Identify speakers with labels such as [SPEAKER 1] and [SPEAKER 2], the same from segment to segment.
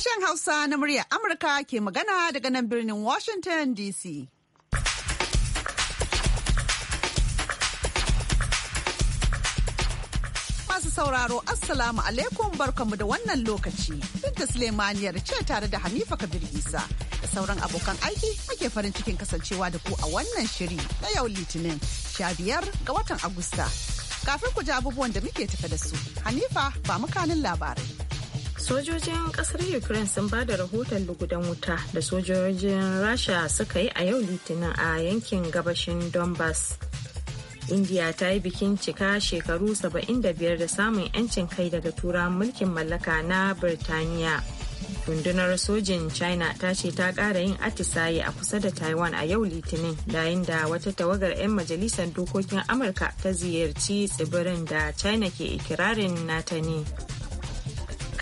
[SPEAKER 1] Sashen Hausa na muryar Amurka ke magana daga nan birnin Washington DC. Masu sauraro Assalamu alaikum barkamu da wannan lokaci. Binta Sulemaniyar ce tare da Hanifa Kabir Isa da sauran abokan aiki ake farin cikin kasancewa da ku a wannan shiri na yau Litinin 15 ga watan Agusta.
[SPEAKER 2] Kafin ku ji abubuwan da muke tafe da su, Hanifa ba mu kanin labarai. sojojin kasar ukraine sun bada rahoton lugudan wuta da sojojin rasha suka yi a yau litinin a yankin gabashin donbass india ta yi bikin cika shekaru 75 da samun 'yancin kai daga tura mulkin mallaka na birtaniya rundunar sojin china ta ce ta ƙara yin atisaye a kusa da taiwan a yau litinin yayin da wata tawagar 'yan majalisar dokokin amurka ta ziyarci tsibirin da china ke ikirarin nata ne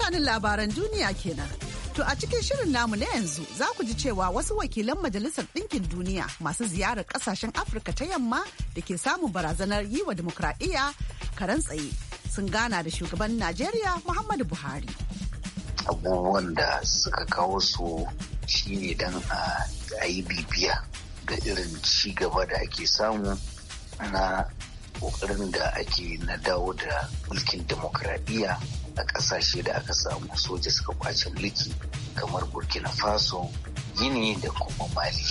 [SPEAKER 2] kanin
[SPEAKER 1] labaran duniya kenan. To a cikin shirin namu na yanzu za ku ji cewa wasu wakilan Majalisar Ɗinkin Duniya masu ziyarar ƙasashen Afirka ta yamma da ke samun barazanar yi wa dimokuraɗiyya karan tsaye sun gana da shugaban Najeriya Muhammadu Buhari. Abubuwan da suka kawo su shine don a yi bibiya ga irin ci gaba
[SPEAKER 3] da ake samu na ƙoƙarin da ake na dawo da mulkin dimokuraɗiyya a ƙasashe da aka samu soja suka kwace mulki kamar burkina faso gini da kuma
[SPEAKER 1] mali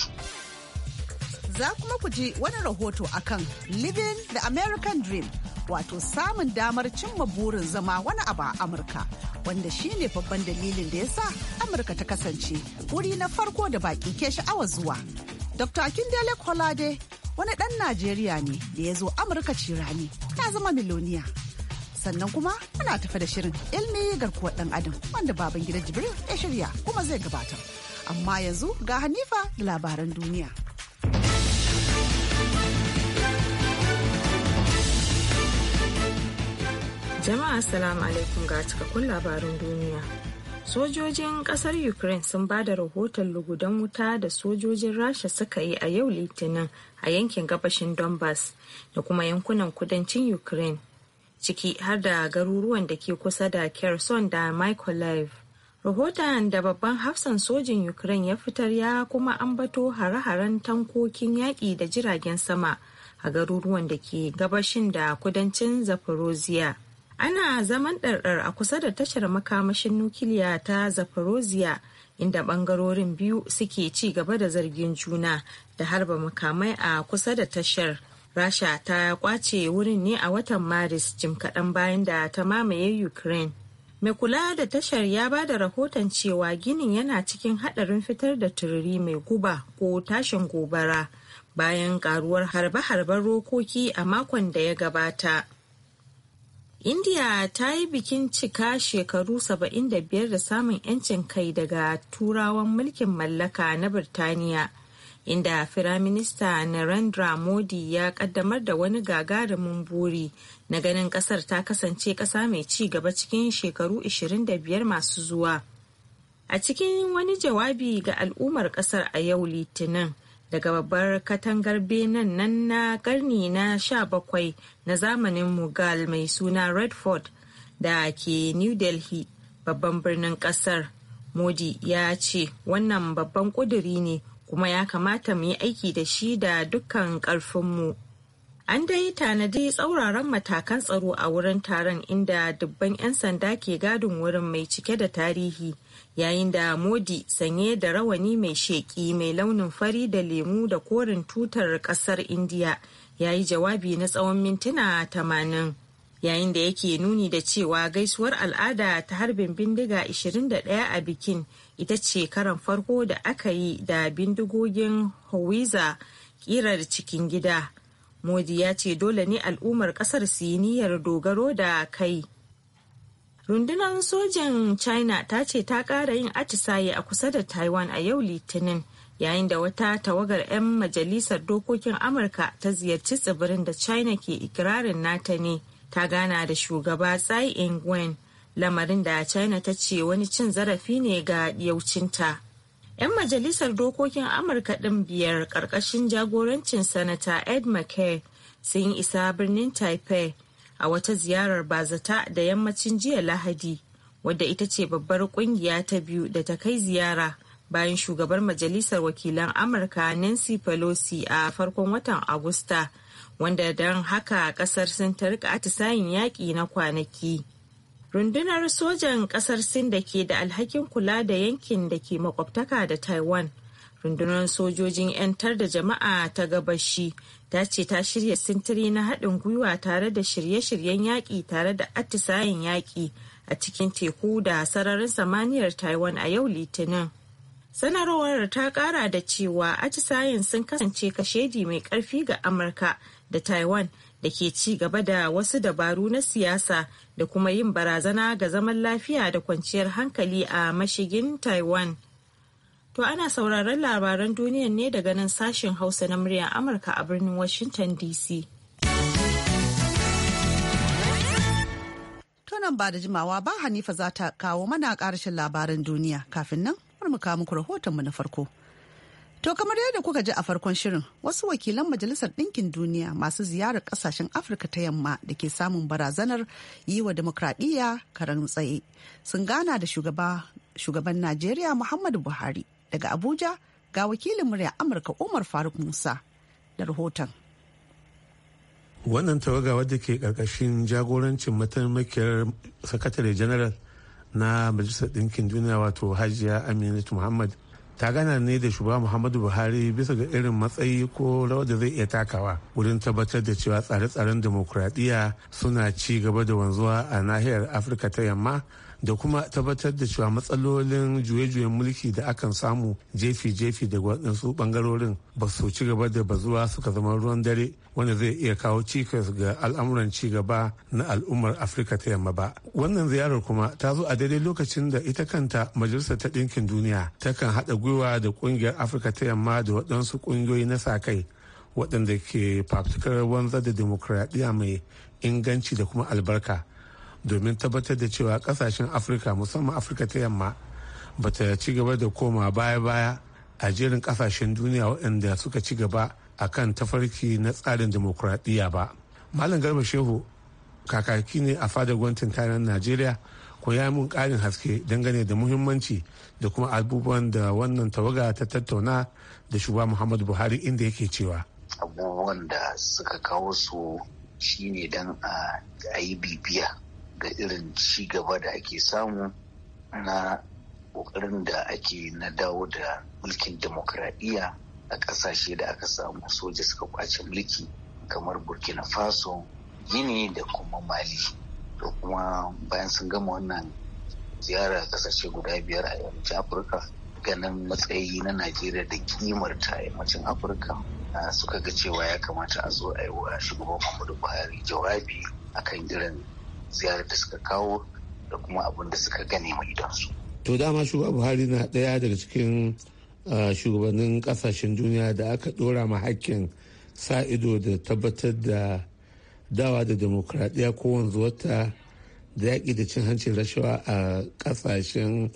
[SPEAKER 1] za kuma ku ji wani rahoto akan living the american dream wato samun damar cimma burin zama wani abu a amurka wanda shi ne babban dalilin da ya sa amurka ta kasance wuri na farko da baki ke sha'awa zuwa dr akindele kolade wani dan najeriya ne da ya zo amurka cirani ya zama miloniya sannan kuma ana tafa da shirin ilmi garkuwar dan adam wanda baban gida jibril ya shirya kuma zai gabata amma yanzu ga hanifa da labaran
[SPEAKER 2] duniya jama'a salamu alaikum ga cikakkun labarin duniya sojojin kasar ukraine sun ba da rahoton lugudan wuta da sojojin rasha suka yi a yau litinin a yankin gabashin donbass da kuma yankunan kudancin ukraine ciki har da garuruwan da ke kusa da Kherson da Mykolaiv. Rahoton da babban hafsan sojin Ukraine ya fitar ya kuma ambato hare-haren tankokin yaƙi da jiragen sama a garuruwan da ke gabashin da kudancin Zaporozhia. Ana zaman ɗarɗar a kusa da tashar makamashin nukiliya ta Zaporozhia inda ɓangarorin biyu suke ci gaba da zargin juna da harba makamai a kusa da tashar. rasha ta kwace wurin ne a watan maris jim kaɗan bayan da ta mamaye ukraine mai kula da tashar ya ba da rahoton cewa ginin yana cikin haɗarin fitar da tururi mai guba ko tashin gobara bayan ƙaruwar harbe-harben rokoki a makon da ya gabata india ta yi bikin cika shekaru 75 da samun 'yancin kai daga turawan mulkin mallaka na birtaniya inda Firaminista Narendra Modi ya kaddamar da wani gagarumin buri na ganin kasar ta kasance kasa mai ci gaba cikin shekaru 25 masu zuwa. A cikin wani jawabi ga al'ummar kasar a yau Litinin daga babbar katangar benin nan na karni na 17 na zamanin Mughal mai suna Redford da ke New Delhi babban birnin kasar. Modi ya ce wannan babban kuduri ne kuma ya kamata mu yi aiki da shi da dukkan ƙarfinmu. An dai tanadi tsauraran matakan tsaro a wurin taron inda dubban 'yan sanda ke gadin wurin mai cike da tarihi yayin da Modi sanye da rawani mai sheƙi mai launin fari da lemu da korin tutar ƙasar Indiya ya yi jawabi na tsawon mintuna tamanin. Yayin da yake nuni da cewa gaisuwar al'ada ta harbin bindiga 21 a bikin ita ce karan farko da aka yi da bindigogin Howitzer kirar cikin gida. Modi ya ce dole ne al'ummar kasar su yi niyyar dogaro da kai. Rundunar sojan China ta ce ta ƙara yin atisaye a kusa da Taiwan a yau Litinin, yayin da wata tawagar 'yan majalisar dokokin Amurka ta ziyarci tsibirin da China ke ikirarin nata ne, ta gana da shugaba Tsai ing lamarin da china ta ce wani cin zarafi ne ga yaucinta 'yan majalisar dokokin amurka ɗin biyar ƙarƙashin jagorancin sanata ed mckay sun yi isa birnin taipei a wata ziyarar bazata da yammacin jiya lahadi wadda ita ce babbar kungiya ta biyu da ta kai ziyara bayan shugabar majalisar wakilan amurka nancy pelosi a farkon watan agusta wanda don haka kasar sun ta rika atisayin yaƙi na kwanaki rundunar sojan ƙasar sin da ke da alhakin kula da yankin da ke makwabtaka da taiwan rundunar sojojin 'yantar da jama'a ta gabashi ta ce ta shirya sintiri na haɗin gwiwa tare da shirye-shiryen yaƙi tare da atisayen yaƙi a cikin teku da sararin samaniyar taiwan a yau litinin sanarwar ta ƙara da cewa atisayen sun kasance kashedi mai ƙarfi ga amurka da taiwan da ke ci gaba da wasu dabaru na siyasa da kuma yin barazana ga zaman lafiya da kwanciyar hankali a mashigin taiwan to ana sauraron labaran duniyan ne daga nan sashen hausa na muryar amurka a birnin washington dc nan ba da jimawa ba hanifa za ta kawo mana
[SPEAKER 1] karshen labaran duniya kafin nan mu kawo muku rahotonmu na farko To kamar yadda kuka ji a farkon shirin wasu wakilan Majalisar Ɗinkin Duniya masu ziyarar ƙasashen Afirka ta yamma da ke samun barazanar yi wa demokradiyya karan tsaye sun gana da shugaban Najeriya Muhammadu Buhari daga Abuja ga wakilin murya Amurka Umar Faruk Musa da rahoton.
[SPEAKER 4] Wannan tawaga wadda ke ƙarƙashin jagorancin mataimakiyar sakatare janaral na Majalisar Ɗinkin Duniya wato Hajiya Aminatu Muhammad. ta gana ne da shugaba muhammadu buhari bisa ga irin matsayi ko rawar da zai iya takawa wurin tabbatar da cewa tsare-tsaren demokuraɗiyya suna ci gaba da wanzuwa a nahiyar afirka ta yamma da kuma tabbatar da cewa matsalolin juye-juyen mulki da akan samu jefi-jefi daga waɗansu ɓangarorin ba su ci gaba da bazuwa suka zama ruwan dare wanda zai iya kawo cikas ga al'amuran ci gaba na al'ummar afirka ta yamma ba wannan ziyarar kuma ta zo a daidai lokacin da ita kanta majalisar ta ɗinkin duniya takan haɗa gwiwa da ƙungiyar afirka ta yamma da waɗansu ƙungiyoyi na sa kai waɗanda ke fafutukar wanzar da dimokuraɗiyya mai inganci da kuma albarka domin tabbatar da cewa kasashen afirka musamman afirka ta yamma ba ta ci gaba da koma baya-baya a jerin kasashen duniya waɗanda suka ci gaba a kan tafarki na tsarin demokuraɗiyya ba malam garba shehu kakaki ne a fadar gwamnatin tarihin najeriya ko ya mun ƙarin haske dangane da muhimmanci da kuma abubuwan da wannan tawaga ta tattauna da shugaba muhammadu buhari inda yake cewa
[SPEAKER 3] abubuwan da suka kawo su shine dan a yi bibiya ga irin ci gaba da ake samu na kokarin da ake na dawo da mulkin demokradiyya a ƙasashe da aka samu soja suka kwace mulki kamar burkina faso gini da kuma mali da kuma bayan sun gama wannan ziyara kasashe guda biyar a yammacin afirka ganin matsayi na najeriya da kimar ta yammacin afirka suka ga cewa ya kamata a zo a yi wa shugaban muhammadu buhari jawabi akan irin ziyarar da suka kawo da kuma abin da suka gane mai su.
[SPEAKER 4] to dama shugaba buhari na ɗaya daga cikin uh, shugabannin ƙasashen duniya da aka ɗora ma hakkin sa ido da tabbatar da dawa da demokradiyya ko wanzuwarta da yaƙi da cin hancin rashawa a ƙasashen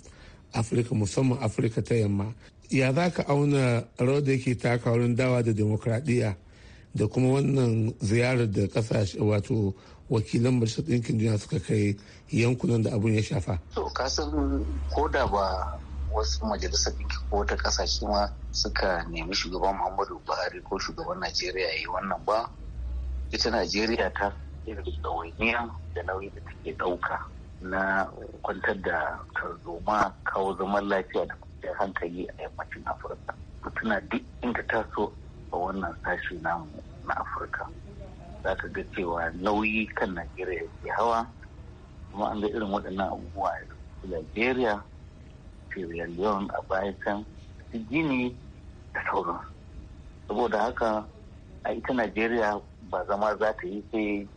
[SPEAKER 4] afirka musamman afirka ta yamma ya za ka auna rawar da yake taka wurin dawa da demokradiyya da kuma wannan ziyarar da kasashe wato wakilan majalisar ɗinkin duniya suka kai yankunan da abun ya shafa.
[SPEAKER 3] to kasan ko da ba wasu majalisar ɗinkin ko wata ƙasashe ma suka nemi shugaban muhammadu buhari ko shugaban najeriya ya yi wannan ba ita najeriya ta irin ɗawainiya da nauyi da take ɗauka na kwantar da tarzoma kawo zaman lafiya da kwanciyar hankali a yammacin afirka mutuna duk inda ta so a wannan sashi namu na afirka za ka ga cewa nauyi kan najeriya ke hawa kuma an ga irin waɗannan abubuwa a Najeriya sierra leone a baya can gini da sauran saboda haka a ita najeriya ba zama za ta yi sai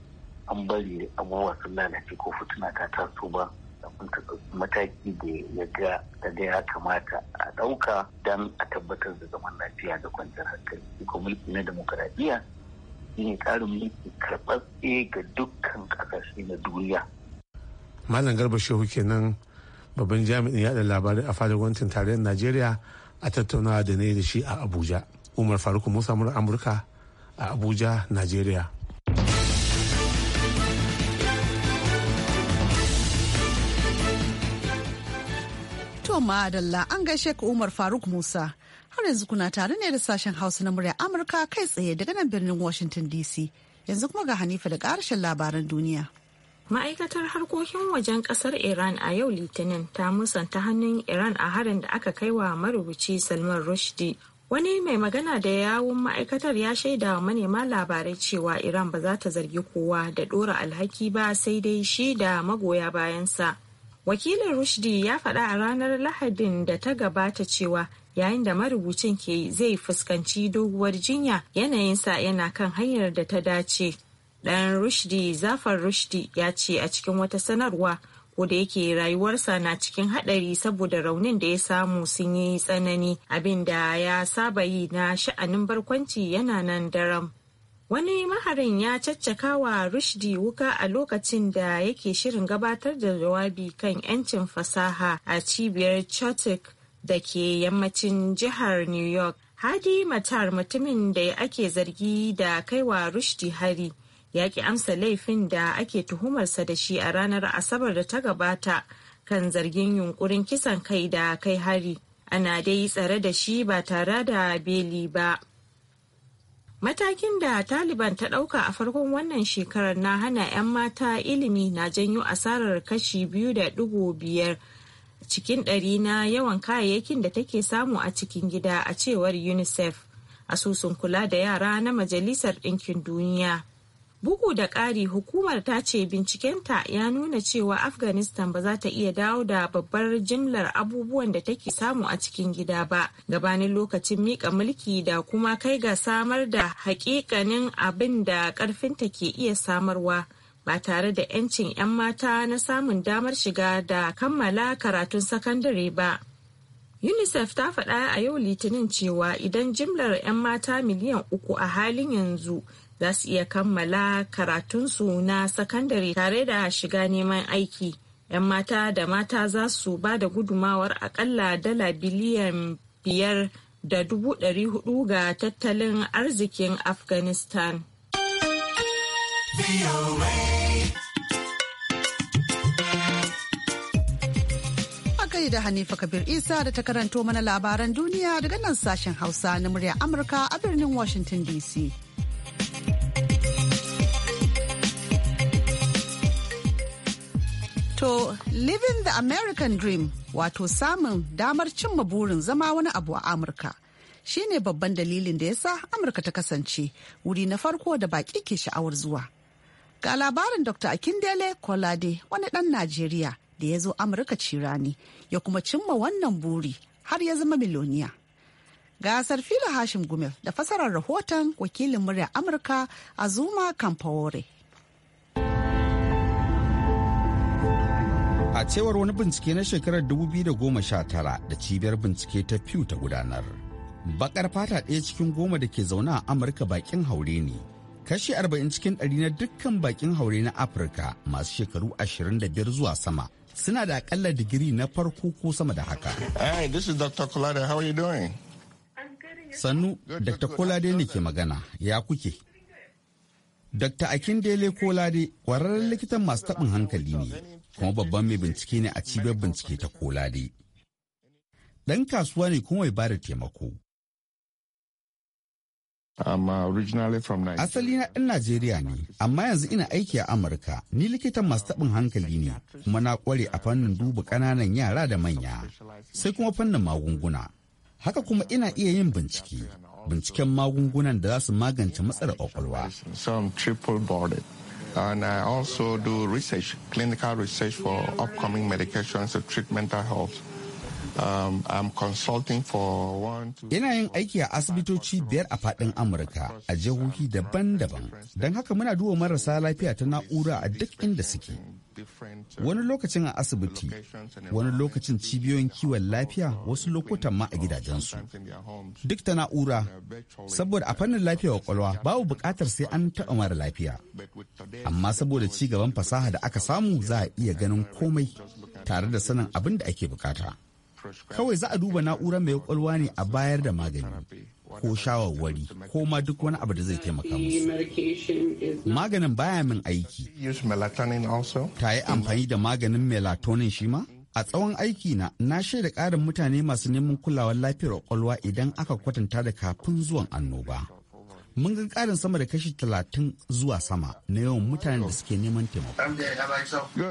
[SPEAKER 3] an bari abubuwa sun lalace ko fituna ta taso ba ta mataki da ya ga da ya kamata a ɗauka don a tabbatar da zaman lafiya da kwanciyar hankali kuma mulki na demokaradiyya shine karin mulki karɓaɓɓe ga dukkan ƙasashe na duniya.
[SPEAKER 4] Malam Garba Shehu kenan babban jami'in yada labarai a fadar gwamnatin tarayyar Najeriya a tattaunawa da ne da shi a Abuja. Umar Faruk Musa Amurka a Abuja, Najeriya.
[SPEAKER 1] To ma'adalla an gaishe ka Umar Faruk Musa. har yanzu kuna tare ne da sashen hausa na murya amurka kai tsaye daga nan birnin washington dc yanzu kuma ga hanifa da karshen labaran duniya
[SPEAKER 2] ma'aikatar harkokin wajen kasar iran a yau litinin ta musanta hannun iran a harin da aka kai wa marubuci salman rushdie wani mai magana da yawun ma'aikatar ya shaida wa manema labarai cewa iran ba za ta zargi kowa da dora alhaki ba sai dai shi da magoya bayansa wakilin rushdi ya faɗa a ranar lahadin da ta gabata cewa yayin da marubucin ke zai fuskanci doguwar jinya yanayinsa yana kan hanyar da ta dace ɗan rushdi zafar rushdi ya ce a cikin wata sanarwa ko da yake rayuwarsa na cikin haɗari saboda raunin da ya samu sun yi tsanani abin da ya saba yi na sha'anin barkwanci yana nan daram Wani maharin ya caccaka wa Rushdi wuka a lokacin da yake shirin gabatar da jawabi kan 'yancin fasaha a cibiyar Chotik da ke yammacin jihar New York. Hadi Matar mutumin da ake zargi da kaiwa Rushdi hari ya ki amsa laifin da ake tuhumarsa da shi a ranar Asabar da ta gabata kan zargin yunkurin kisan kai da kai hari. Ana dai tsare da shi ba tare da beli ba. Matakin da Taliban ta ɗauka a farkon wannan shekarar na hana 'yan mata ilimi na janyo asarar kashi biyu da ɗigo biyar cikin ɗari na yawan kayayyakin da take samu a cikin gida a cewar UNICEF, asusun kula da yara na Majalisar Ɗinkin Duniya. bugu da ƙari hukumar ta ce bincikenta ya nuna cewa afghanistan ba za ta iya dawo da babbar jimlar abubuwan da take samu a cikin gida ba gabanin lokacin miƙa mulki da kuma kai ga samar da hakikanin abin da ƙarfinta ke iya samarwa ba tare da 'yancin 'yan mata na samun damar shiga da kammala karatun sakandare ba. UNICEF ta faɗa a yau Litinin cewa idan jimlar 'yan mata miliyan uku a halin yanzu za su iya kammala karatunsu na sakandare tare da shiga neman aiki 'yan mata da mata za su ba da gudumawar akalla dala biliyan biyar da dubu ɗari hudu ga tattalin arzikin afghanistan
[SPEAKER 1] akai da Hanifa Kabir Isa da ta karanto mana labaran duniya daga nan sashen Hausa na murya Amurka a birnin Washington DC. To, Living the American Dream, wato samun damar cimma burin zama wani abu a Amurka. Shi ne babban dalilin da ya sa Amurka ta kasance wuri na farko da baƙi ke sha'awar zuwa. Ga labarin Dr. Akindele Kolade, wani ɗan Najeriya da ya zo Amurka cirani, ya kuma cimma wannan buri har ya zama miloniya. Gasar Sarfila Hashim Gumel da fasarar rahoton wakilin murya Amurka a Zuma Kampawore.
[SPEAKER 5] A cewar wani bincike na shekarar 2019 da cibiyar bincike ta Pew ta gudanar. Bakar fata ɗaya cikin goma da ke zaune a Amurka bakin haure ne. Kashi 40 cikin ɗari na dukkan bakin haure na Afirka masu shekaru 25 zuwa sama suna da akalla digiri na farko ko sama da haka. Sannu, Dr. Kolade ne ke magana. Ya kuke? Dr. Akindele Kolade, kwararren likitan masu taɓin hankali ne, kuma babban mai bincike ne a cibiyar bincike ta kolade. dan kasuwa ne kuma mai ba da taimako. Uh, Asali na ɗan Najeriya ne, amma yanzu ina aiki a Amurka, ni likitan masu taɓin hankali ne, kuma na ƙware a fannin duba ƙananan yara da manya, sai kuma fannin magunguna. Haka kuma ina iya yin bincike, binciken magungunan da za su magance matsalar ƙwaƙwalwa.
[SPEAKER 6] And I also do research, clinical research for upcoming medications to treat mental health. Um,
[SPEAKER 5] Ina yin aiki a asibitoci biyar a faɗin Amurka a jihohi daban-daban, don haka muna duba marasa lafiya ta na'ura a duk inda suke. Uh, wani lokacin a asibiti, wani lokacin cibiyoyin kiwon lafiya uh, wasu lokutan ma a uh, gidajensu. Duk ta na'ura, saboda a fannin lafiya kwakwalwa babu bukatar sai an taɓa mara lafiya. Amma saboda ci gaban fasaha da aka samu za a iya ganin komai tare da sanin abin da ake bukata. Kawai za a duba na'urar mai kwakwalwa ne a bayar da magani ko shawarwari ko ma duk wani abu da zai taimaka
[SPEAKER 3] musu.
[SPEAKER 5] Maganin baya min aiki. Ta yi amfani da maganin melatonin shi ma? A tsawon aiki na, na shaida karin mutane masu neman kulawar lafiyar kwakwalwa idan aka kwatanta da kafin zuwan annoba. mun ga karin sama da kashi talatin zuwa sama na yawan mutanen da suke neman taimako.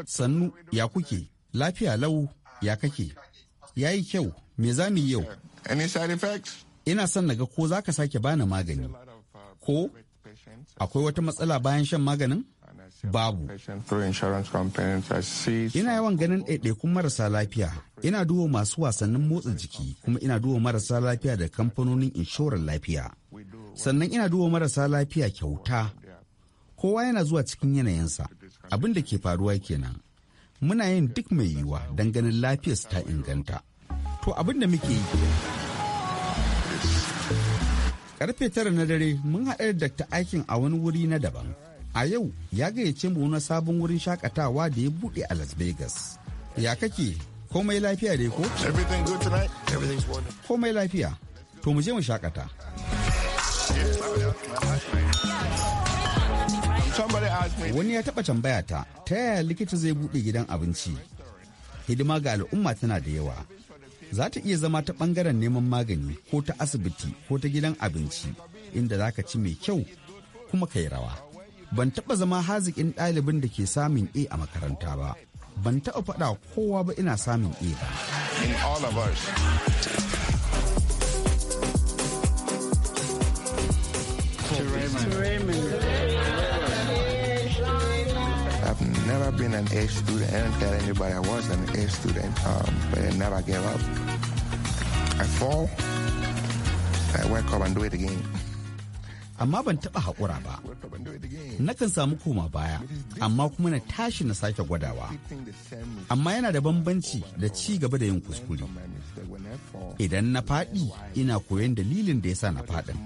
[SPEAKER 5] Sannu ya kuke, lafiya lau ya kake, ya yi kyau me za mu yi yau ina son na ga ko za ka sake bani magani ko akwai wata matsala bayan shan maganin babu ina yawan ganin ɗaiɗaikun marasa lafiya ina duba masu wasannin motsa jiki kuma ina duba marasa lafiya da kamfanonin inshorar lafiya sannan ina duba marasa lafiya kyauta kowa yana zuwa cikin yanayinsa abin da ke faruwa kenan muna yin duk mai yiwuwa don ganin lafiyarsu ta inganta to abin da muke yi karfe tara na dare mun haɗar da aikin a wani wuri na daban a yau ya gayyace mu na sabon wurin shakatawa da ya buɗe a las vegas ya kake komai lafiya dai ko komai lafiya to mu je mu shakata Yeah. Wani ya taɓa tambaya ta, ta yaya likita zai bude gidan abinci? Hidima ga al'umma tana da yawa. Za ta iya zama ta ɓangaren neman magani ko ta asibiti ko ta gidan abinci inda za ka ci mai kyau kuma ka rawa. Ban taɓa zama haziƙin ɗalibin da ke samun A a makaranta ba. Ban taɓa faɗa kowa ba ina samun A ba.
[SPEAKER 1] Raymond.
[SPEAKER 6] I've been an A student. I didn't tell anybody I was an A student, um, but I never gave up. I fall, I wake up and do it again.
[SPEAKER 5] amma ban taɓa haƙura ba nakan samu koma baya amma kuma na tashi na sake gwadawa amma yana da bambanci da ci gaba da yin kuskure idan na faɗi ina koyon dalilin da ya sa na faɗin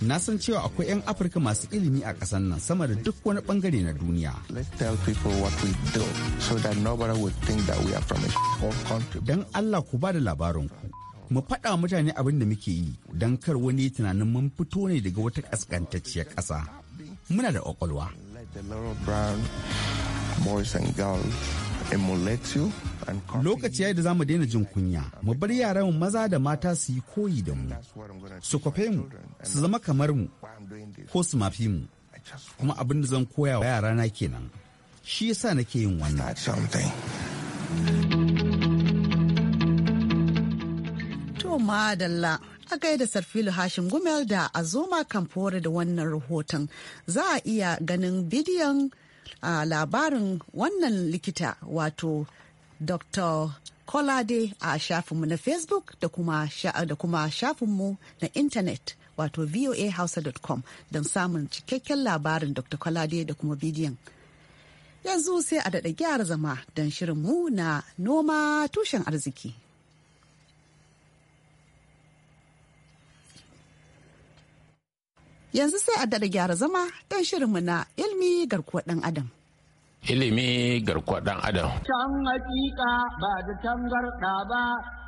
[SPEAKER 5] na san cewa akwai 'yan afirka masu ilimi a ƙasar nan sama da duk wani ɓangare na duniya don allah ku ba da labarinku mu faɗa mutane abin da muke yi don kar wani tunanin mun fito ne daga wata ƙasƙantacciyar ƙasa muna da ƙwaƙwalwa Lokaci yayi da za mu daina jin kunya, mu bar yaran maza da mata su yi koyi da mu, su kwafe mu, su zama kamar mu, ko su mafi mu, kuma abin da zan koya wa yarana kenan. Shi yasa nake yin wannan.
[SPEAKER 1] Madalla. A gaida Sarfilu Hashim Gumel da Azoma Kamfore da wannan rahoton za a iya ganin bidiyon a labarin wannan likita wato Dr. Kolade a shafinmu na Facebook da kuma, da shafinmu na intanet wato voahausa.com don samun cikakken labarin Dr. Kolade da kuma bidiyon. Yanzu sai a daɗa gyara zama don shirinmu na noma tushen arziki. Yanzu sai a daɗa gyara zama don shirinmu na ilmi garkuwar ɗan Adam.
[SPEAKER 7] Ilimi garkuwa ɗan Adam.
[SPEAKER 1] Can
[SPEAKER 6] hakika
[SPEAKER 5] ba da tangarɗa ba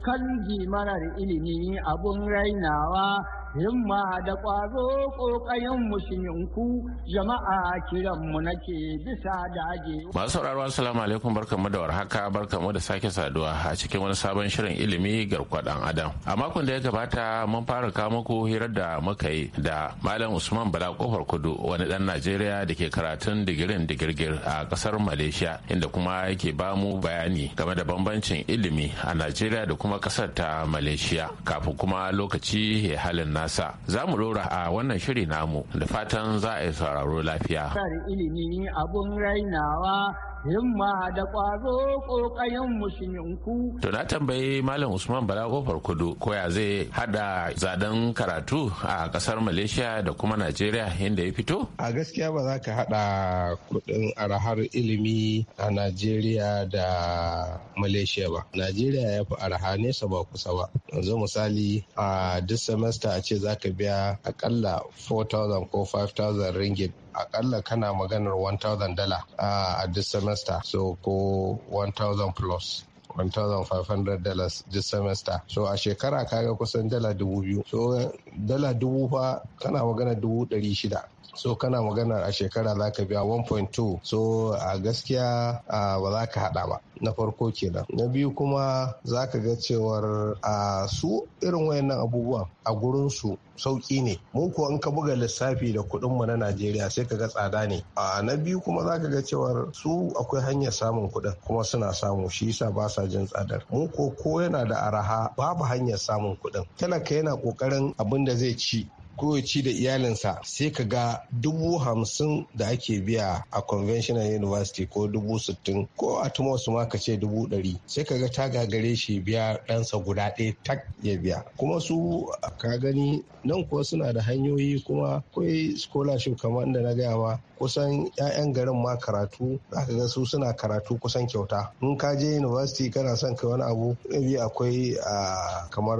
[SPEAKER 5] kan marar ilimi abun rainawa himma da ƙwazo ƙoƙayenmu shiminku jama'a kiranmu nake bisa dage.
[SPEAKER 7] Masu sauraro assalamu alaikum barkamu da warhaka barkamu da sake saduwa a cikin wani sabon shirin ilimi garkuwa dan adam. A makon da ya gabata mun fara kawo muku hirar da muka yi da Malam Usman Bala Kofar Kudu wani ɗan Najeriya da ke karatun digirin digirgir a ƙasar Malaysia inda kuma yake ba mu bayani game da bambancin ilimi a Najeriya da kuma kasar ta Malaysia kafin kuma lokaci ya halin na nasa za mu lura a wannan shiri namu da fatan za a yi sauraro lafiya
[SPEAKER 5] ilimi abun rainawa himma da ƙwazo ƙoƙayen
[SPEAKER 6] musulminku.
[SPEAKER 7] To na tambayi Malam Usman Bala Kofar Kudu ya zai hada zaɗen karatu a ƙasar Malaysia da kuma Najeriya inda ya fito?
[SPEAKER 6] A gaskiya ba za ka hada kuɗin arahar ilimi a Najeriya da Malaysia ba. Najeriya ya fi araha nesa ba kusa ba. Yanzu misali a duk semester a ce za ka biya akalla 4,000 ko 5,000 ringgit akalla kana maganar 1000 dala ah, a this semester so ko 1000 plus 1,500 dollars this semester. So a shekara kaga kusan dala dubu biyu. So dala dubu fa kana magana dubu ɗari shida. so kana magana a shekara za ka biya 1.2 so a gaskiya ba za ka hada ba na farko kenan na biyu kuma za ka ga cewar a su irin wayannan abubuwan a gurinsu sauƙi ne mu kuwa in ka buga lissafi da kuɗin mu na Najeriya sai ka ga tsada ne a na biyu kuma za ka ga cewar su akwai hanyar samun kuɗin kuma suna samu shi yasa ba sa jin tsadar mu ko ko yana da araha babu hanyar samun kuɗin talaka yana kokarin abin da zai ci ko ya ci da iyalinsa sai ka ga dubu hamsin da ake biya a conventional university ko dubu sittin ko a tumosu ma ka ce dubu ɗari sai ka ga ta gagare shi biya ɗansa guda ɗaya tak ya biya kuma su ka gani nan kuwa suna da hanyoyi kuma akwai scholarship kamar da na gaya ma kusan 'ya'yan garin ma karatu zaka ga su suna karatu kusan kyauta in ka je university kana son kai wani abu akwai ah, kamar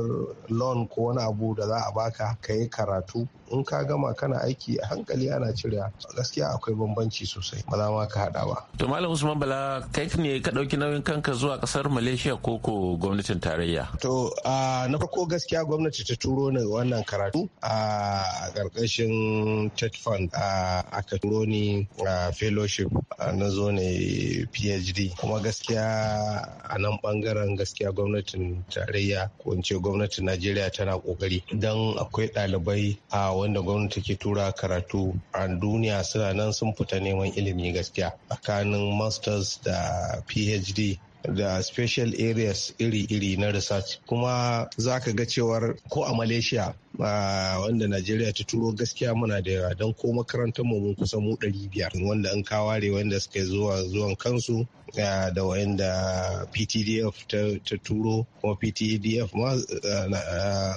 [SPEAKER 6] loan ko wani abu da za a baka ka yi karatu tout. in ka gama kana aiki a hankali ana cirewa gaskiya akwai bambanci sosai ba za ma ka hada ba
[SPEAKER 7] to malam usman bala kai ne ka dauki nauyin kanka zuwa kasar malaysia ko ko gwamnatin tarayya
[SPEAKER 6] to na farko gaskiya gwamnati ta turo ni wannan karatu a karkashin tech fund aka turo ni fellowship na zo ne phd kuma gaskiya a nan bangaren gaskiya gwamnatin tarayya ko in ce gwamnatin najeriya tana kokari don akwai ɗalibai a wanda gwamnati ke tura karatu a duniya suna nan sun fita neman ilimi gaskiya tsakanin masters da phd da special areas iri-iri na research kuma za ka ga cewar ko a malaysia wanda najeriya ta turo gaskiya muna da yawa don ko makarantar mu mun kusan mu ɗari biyar wanda an kaware wanda suka zuwa zuwan kansu da wanda ptdf ta turo kuma ptdf ma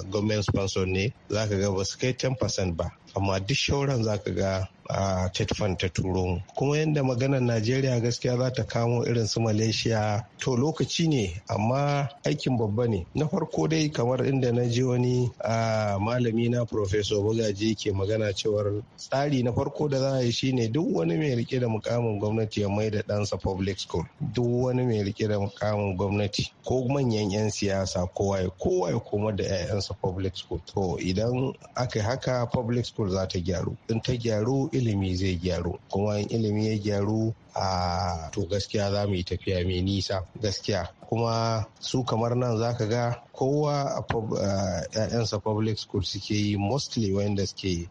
[SPEAKER 6] government sponsor ne za ka ga ba su kai 10% ba amma duk shauran za ka ga a Tetfan ta turo Kuma yadda maganar Najeriya gaskiya za ta kamo irin su Malaysia to lokaci ne amma aikin babba ne. Na farko dai kamar inda na ji wani malami na Professor Bugaji ke magana cewar tsari na farko da za a yi shine duk wani mai rike da mukamin gwamnati ya mai da ɗansa public school. Duk wani mai rike da mukamin gwamnati ko manyan 'yan siyasa kowa ya kowa ya komar da 'ya'yansa public school. To idan aka haka public school za ta gyaru. In ta gyaru ilimi zai gyaru kuma in ilimi ya gyaru a to gaskiya za mu yi tafiya mai nisa gaskiya kuma su kamar nan za ka ga kowa ‘ya'yansa public school suke yi mostly wanda suke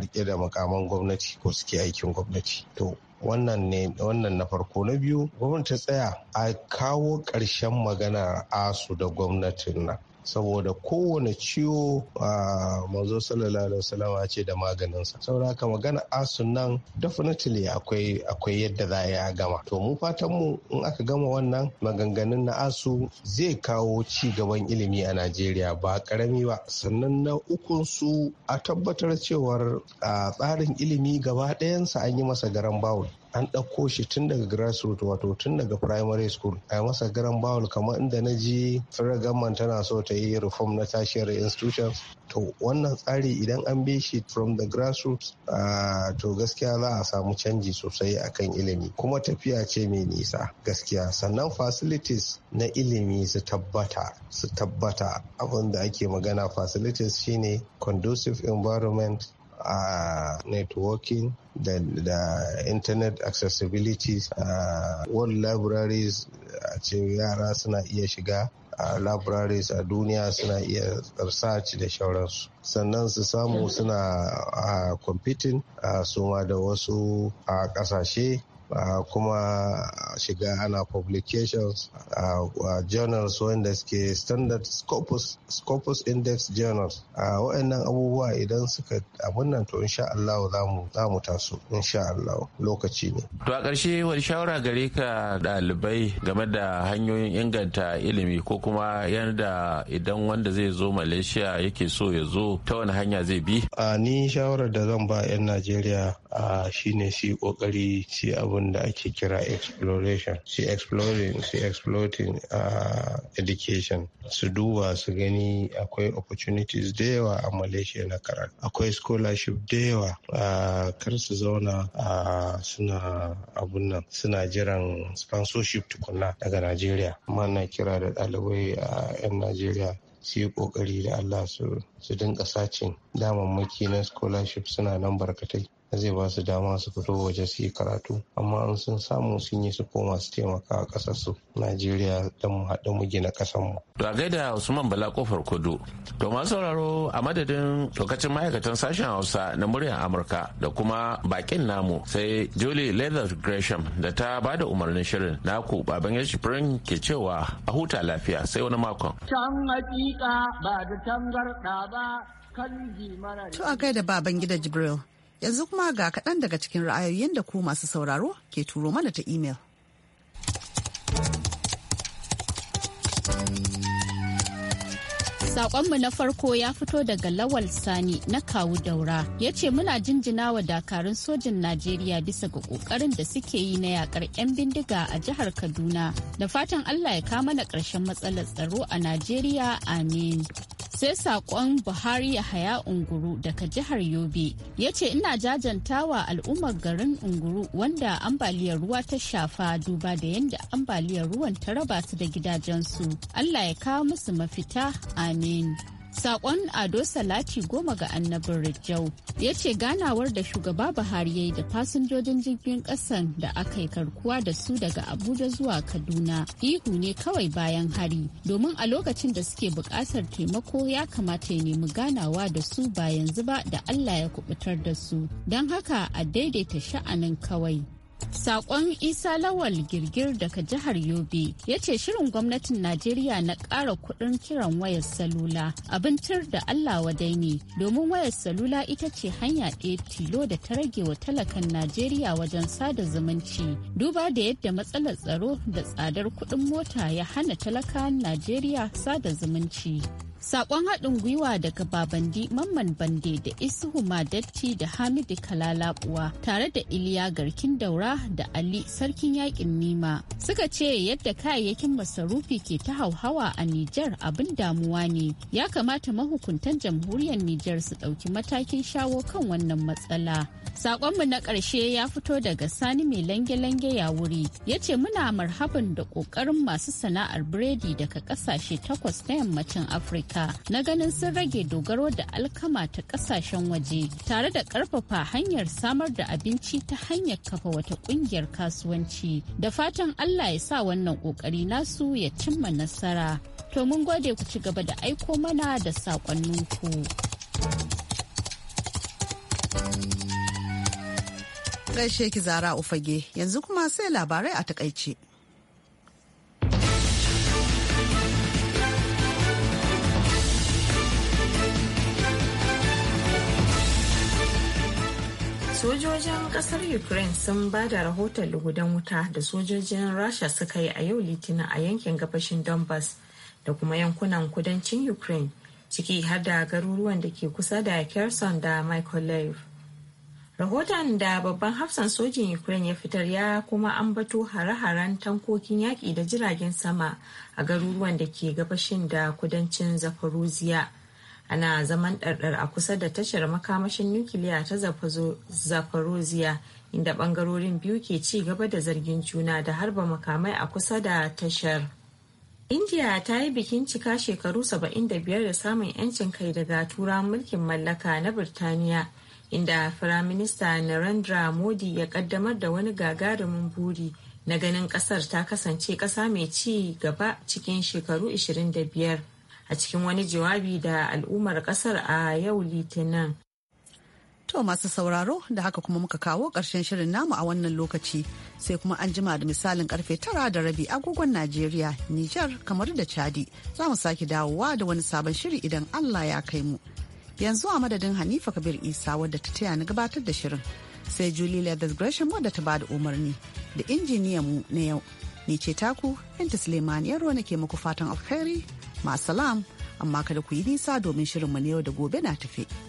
[SPEAKER 6] rike da makaman gwamnati ko suke aikin gwamnati to wannan ne wannan na farko na biyu gwamnati ta tsaya a kawo ƙarshen maganar asu da gwamnatin nan saboda kowane ciwo a manzo sallallahu alaihi wasallam ce da maganin sa. saboda haka magana asun nan definitely akwai akwai yadda za a yi a gama to mu fatan mu in aka gama wannan maganganun na asu zai kawo ci gaban ilimi a Najeriya ba karami ba sannan na ukun su a tabbatar cewar a tsarin ilimi gaba ɗayansa an yi masa garan bawul an ɗauko shi tun daga grassroots wato tun daga primary school a masa garan bawul kamar inda na ji federal government tana so ta yi reform na tashiyar institutions to wannan tsari idan an bi shi from the grassroots to gaskiya za a samu canji sosai akan ilimi kuma tafiya ce mai nisa gaskiya sannan facilities na ilimi su tabbata su tabbata abin da ake magana facilities shine conducive environment a networking da, da internet accessibility a world libraries a ce yara suna iya shiga a libraries a duniya suna iya research da shauransu sannan su samu suna a competing a suma da wasu a kasashe uh, kuma shiga ana publications a uh, uh, journals wanda suke standard scopus, scopus index journals a waɗannan abubuwa idan suka abun nan to insha Allah za mu taso insha Allah lokaci
[SPEAKER 7] ne to a ƙarshe wani shawara gare ka ɗalibai game da hanyoyin inganta ilimi ko kuma yadda idan wanda zai zo Malaysia yake so ya zo ta wani hanya zai bi
[SPEAKER 6] a ni shawarar da zan ba 'yan Najeriya shine shi kokari shi abu abun da ake kira exploration su exploring su exploiting a education su duba su gani akwai opportunities da yawa a malaysia na karatu akwai scholarship da yawa kar su zauna suna abun nan suna jiran sponsorship tukuna daga najeriya amma na kira da ɗalibai a 'yan najeriya su yi kokari da Allah su dinka sacin damammaki na scholarship suna nan barkatai da zai ba su dama su fito waje su yi karatu amma an sun samu sun yi su koma su taimaka a ƙasar su najeriya don mu haɗu mu gina ƙasar mu.
[SPEAKER 7] to a gaida usman bala kofar kudu to masu sauraro a madadin lokacin ma'aikatan sashen hausa na muryar amurka da kuma bakin namu sai Joli leather gresham da ta ba da umarnin shirin naku baban yashifirin ke cewa a huta lafiya sai wani makon.
[SPEAKER 3] can hakika ba da tangarɗa ba
[SPEAKER 8] to
[SPEAKER 1] a gaida baban gida jibril Yanzu kuma ga kaɗan daga cikin ra'ayoyin da ku masu
[SPEAKER 8] sauraro ke turo mana ta imel. Sakonmu na farko ya fito daga Lawal Sani na kawu daura ya ce muna jinjina wa dakarun sojin Najeriya bisa ga kokarin da suke yi na yakar 'yan bindiga a jihar Kaduna da fatan Allah ya kama na ƙarshen matsalar tsaro a Najeriya amin. sai sakon buhari ya haya unguru daga jihar yobe ya ce ina jajantawa al'ummar garin unguru wanda ambaliyar ruwa ta shafa duba da yadda ambaliyar ruwan ta raba su da gidajensu allah ya kawo musu mafita amin Amin. Sakon Ado Salati goma ga annabin Rijau ya ce ganawar da shugaba Buhari ya yi da fasinjojin jirgin kasan da aka yi karkuwa da su daga Abuja zuwa Kaduna ihu ne kawai bayan hari domin a lokacin da suke buƙatar taimako ya kamata ya nemi ganawa da su ba yanzu ba da Allah ya kubutar da su don haka a daidaita sha'anin kawai. Sakon Isa Lawal Girgir daga jihar Yobe ya ce shirin gwamnatin Najeriya na ƙara kuɗin kiran wayar salula abincin da Allah wadai ne domin wayar salula ita ce hanya ɗaya tilo da ta rage wa talakan Najeriya wajen sada zumunci duba da yadda matsalar tsaro da tsadar kuɗin mota ya hana talakan Najeriya sada zumunci. Sakon haɗin gwiwa daga Babandi Mamman Bande da Isuhu Madatti da Hamidu Kalalakuwa tare da Iliya Garkin Daura da Ali Sarkin Yaƙin Nima suka ce yadda kayayyakin masarufi ke ta hauhawa a Nijar abin damuwa ne. Ya kamata mahukuntan jamhuriyar Nijar su ɗauki matakin shawo kan wannan matsala. Sakonmu na ƙarshe ya fito daga Sani mai lange-lange ya wuri ya ce muna marhaban da ƙoƙarin masu sana'ar biredi daga ƙasashe takwas na yammacin Afirka. fuskanta na ganin sun rage dogaro da alkama ta kasashen waje tare da karfafa hanyar samar da abinci ta hanyar kafa wata kungiyar kasuwanci da fatan allah ya sa wannan kokari nasu ya cimma nasara to mun gode ku ci gaba da aiko mana da saƙonninku. Gaishe ki zara
[SPEAKER 1] ufage yanzu kuma sai labarai a takaice.
[SPEAKER 2] Sojojin kasar Ukraine sun ba da rahoton lugudan wuta da sojojin Rasha suka yi a yau litinin a yankin gabashin Donbass da kuma yankunan kudancin Ukraine ciki har da garuruwan da ke kusa da Kherson da Mykolaiv. Rahoton da babban hafsan sojin Ukraine ya fitar ya kuma ambato hare-haren tankokin yaƙi da jiragen sama a garuruwan da ke gabashin da kudancin Zaporozhye. ana zaman ɗarɗar a kusa da tashar makamashin nukiliya ta zafaroziya inda ɓangarorin biyu ke ci gaba da zargin juna da harba makamai a kusa da tashar india ta yi bikin cika shekaru 75 da samun 'yancin kai daga turawan mulkin mallaka na birtaniya inda firaminista narendra modi ya kaddamar da wani gagarumin buri na ganin kasar ta kasance kasa mai ci gaba cikin shekaru 25 a cikin wani jawabi da al'ummar kasar a yau litinin. To masu sauraro da haka kuma muka kawo ƙarshen shirin namu a wannan
[SPEAKER 1] lokaci sai kuma an jima da misalin karfe tara da rabi agogon Najeriya, Nijar, kamar da Chadi za mu sake dawowa da wani sabon shiri idan Allah ya kai mu. Yanzu a madadin Hanifa Kabir Isa wadda ta taya ni gabatar da shirin sai Julie Leathers Gresham wadda ta bada umarni da injiniyan mu na yau. Ni ce taku Binta Suleiman Yaro nake muku fatan alheri Masalam, amma kada ku yi nisa domin shirinmu na yau da gobe na tafe.